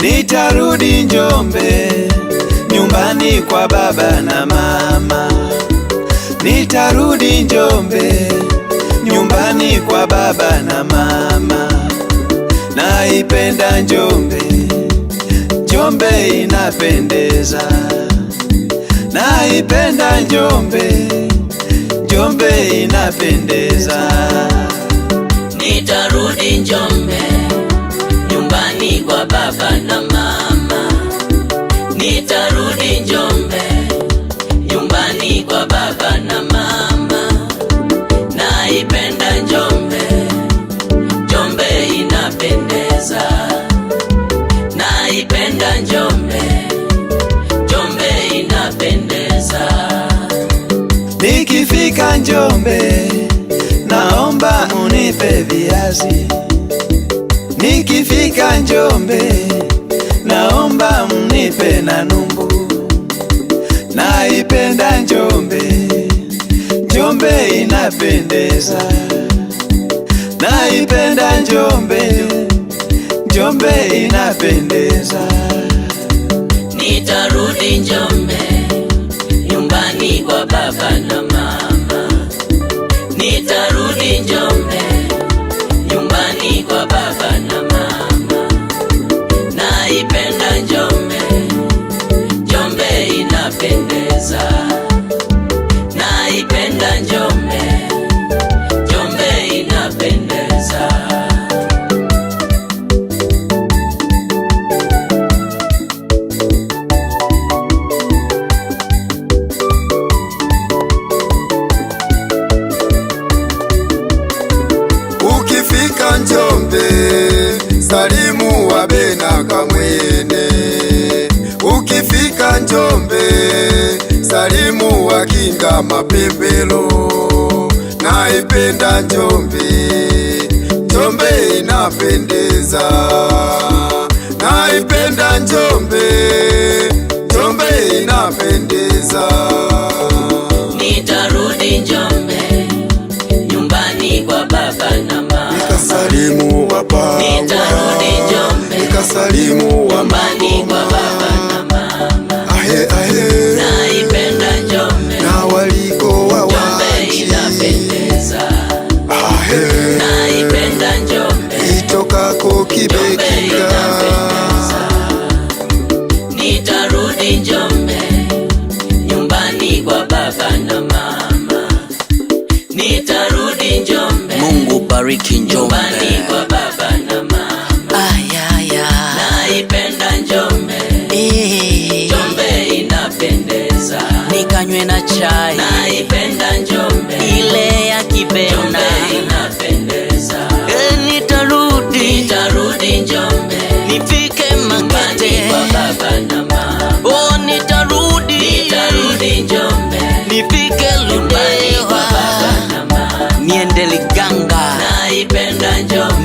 Nitarudi Njombe, nyumbani kwa baba na mama. Nitarudi Njombe, nyumbani kwa baba na mama. Naipenda Njombe, Njombe inapendeza naipenda Njombe, Njombe inapendeza. Nitarudi Njombe, nyumbani kwa baba na mama, nitarudi Njombe. niombe, naomba unipe viazi. Nikifika Njombe, naomba mnipe na numbu. Naipenda Njombe, Njombe inapendeza. Naipenda Njombe, Njombe inapendeza. Nitarudi Njombe. napiga mapepelo, naipenda Njombe, Njombe inapendeza, naipenda Njombe, Njombe inapendeza. Nitarudi Njombe, nyumbani kwa baba na mama, nikasalimu wapawa, nitarudi Njombe, nikasalimu wapawa Nairobi, Njombe, nyumbani kwa baba na mama. Nitarudi Njombe, Mungu bariki Njombe.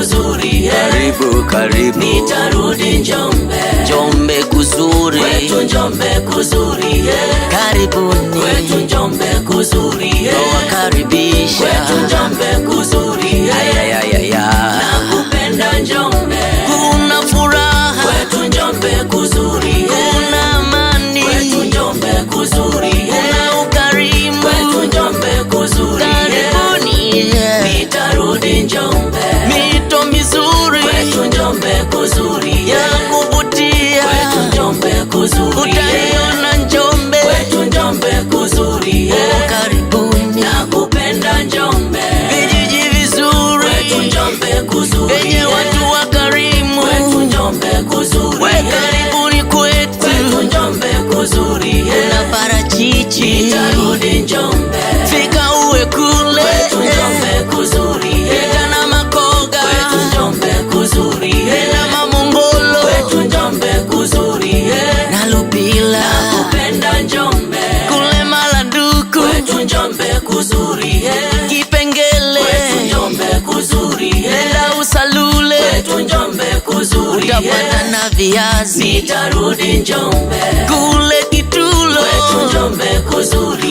uzuri, eh. karibu karibu, nitarudi Njombe, Njombe kuzuri, kwetu Njombe kuzuri, eh. karibuni, kwetu Njombe kuzuri, nawakaribisha, eh. kwetu Njombe kuzuri, na kupenda Njombe, kuna furaha, kwetu Njombe kuzuri una parachichi, nitarudi Njombe, fika uwe kule kwetu Njombe kuzuri, enda na Makoga kwetu Njombe kuzuri, kwetu Njombe kuzuri, na Lupila nakupenda Njombe, kule kwetu Njombe kuzuri, Kipengele kwetu Njombe kuzuri, enda Usalule kwetu Njombe kuzuri, utapata na viazi, nitarudi Njombe kule Njombe kuzuri